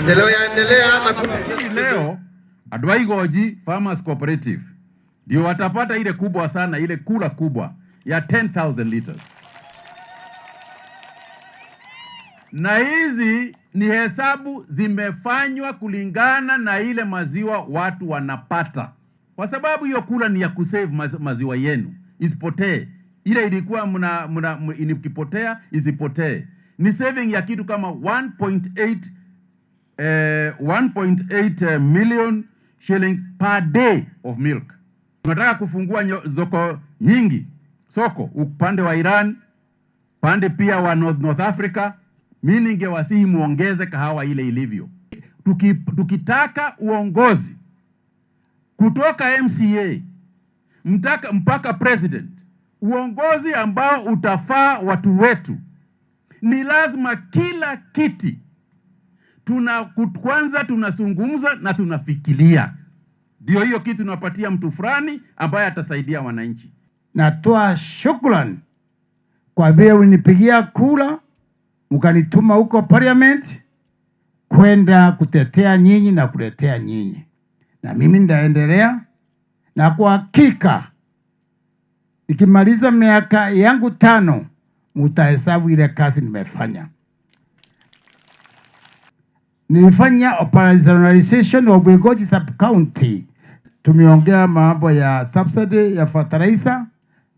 Maendeleo yaendelea na leo Goji Farmers Cooperative ndio watapata ile kubwa sana, ile kula kubwa ya 10,000 liters, na hizi ni hesabu zimefanywa kulingana na ile maziwa watu wanapata, kwa sababu hiyo kula ni ya kusave maziwa yenu isipotee. Ile ilikuwa mna, mna, mna, ikipotea isipotee. Ni saving ya kitu kama 1.8 1.8 eh, eh, million shillings per day of milk. Tunataka kufungua soko nyingi, soko upande wa Iran, pande pia wa North, North Africa. Mimi ningewasihi muongeze kahawa ile ilivyo. Tuki, tukitaka uongozi kutoka MCA mtaka, mpaka president, uongozi ambao utafaa watu wetu, ni lazima kila kiti tuna kwanza tunazungumza na tunafikiria. Ndio hiyo kitu tunapatia mtu fulani ambaye atasaidia wananchi. Natoa shukrani kwa vile ulinipigia kula mkanituma huko parliament kwenda kutetea nyinyi na kuletea nyinyi, na mimi nitaendelea, na kwa hakika nikimaliza miaka yangu tano mutahesabu ile kazi nimefanya nilifanya operationalization of Goji sub county. Tumeongea mambo ya subsidy ya fertilizer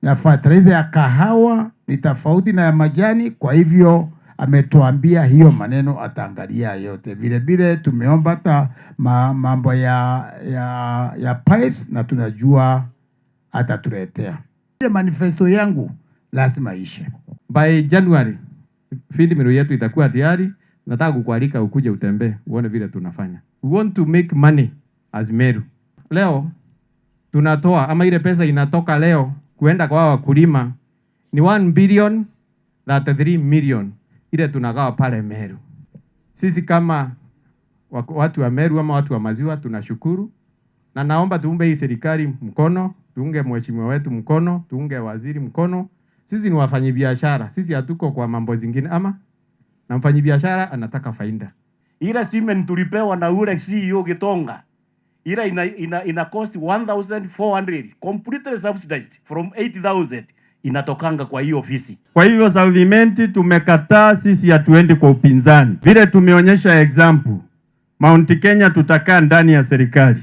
na fertilizer ya kahawa ni tofauti na ya majani, kwa hivyo ametuambia hiyo maneno ataangalia yote. Vilevile tumeomba hata mambo ya, ya, ya pipes na tunajua atatuletea. Ile manifesto yangu lazima ishe by January, field mill yetu itakuwa tayari. Nataka kukualika ukuje utembee uone vile tunafanya. We want to make money as Meru. Leo tunatoa ama ile pesa inatoka leo kuenda kwa wakulima ni 1 billion 33 million ile tunagawa pale Meru. Sisi kama watu wa Meru ama watu wa maziwa tunashukuru, na naomba tuumbe hii serikali mkono, tuunge mheshimiwa wetu mkono, tuunge waziri mkono. Sisi ni wafanyabiashara, sisi hatuko kwa mambo zingine ama na mfanyibiashara anataka faida. Ila Siemens tulipewa na ule CEO Gitonga, ila ina, ina, ina cost 1400 completely subsidized from 8000 inatokanga kwa hii ofisi. Kwa hivyo Southimenti tumekataa, sisi hatuendi kwa upinzani, vile tumeonyesha example Mount Kenya, tutakaa ndani ya serikali.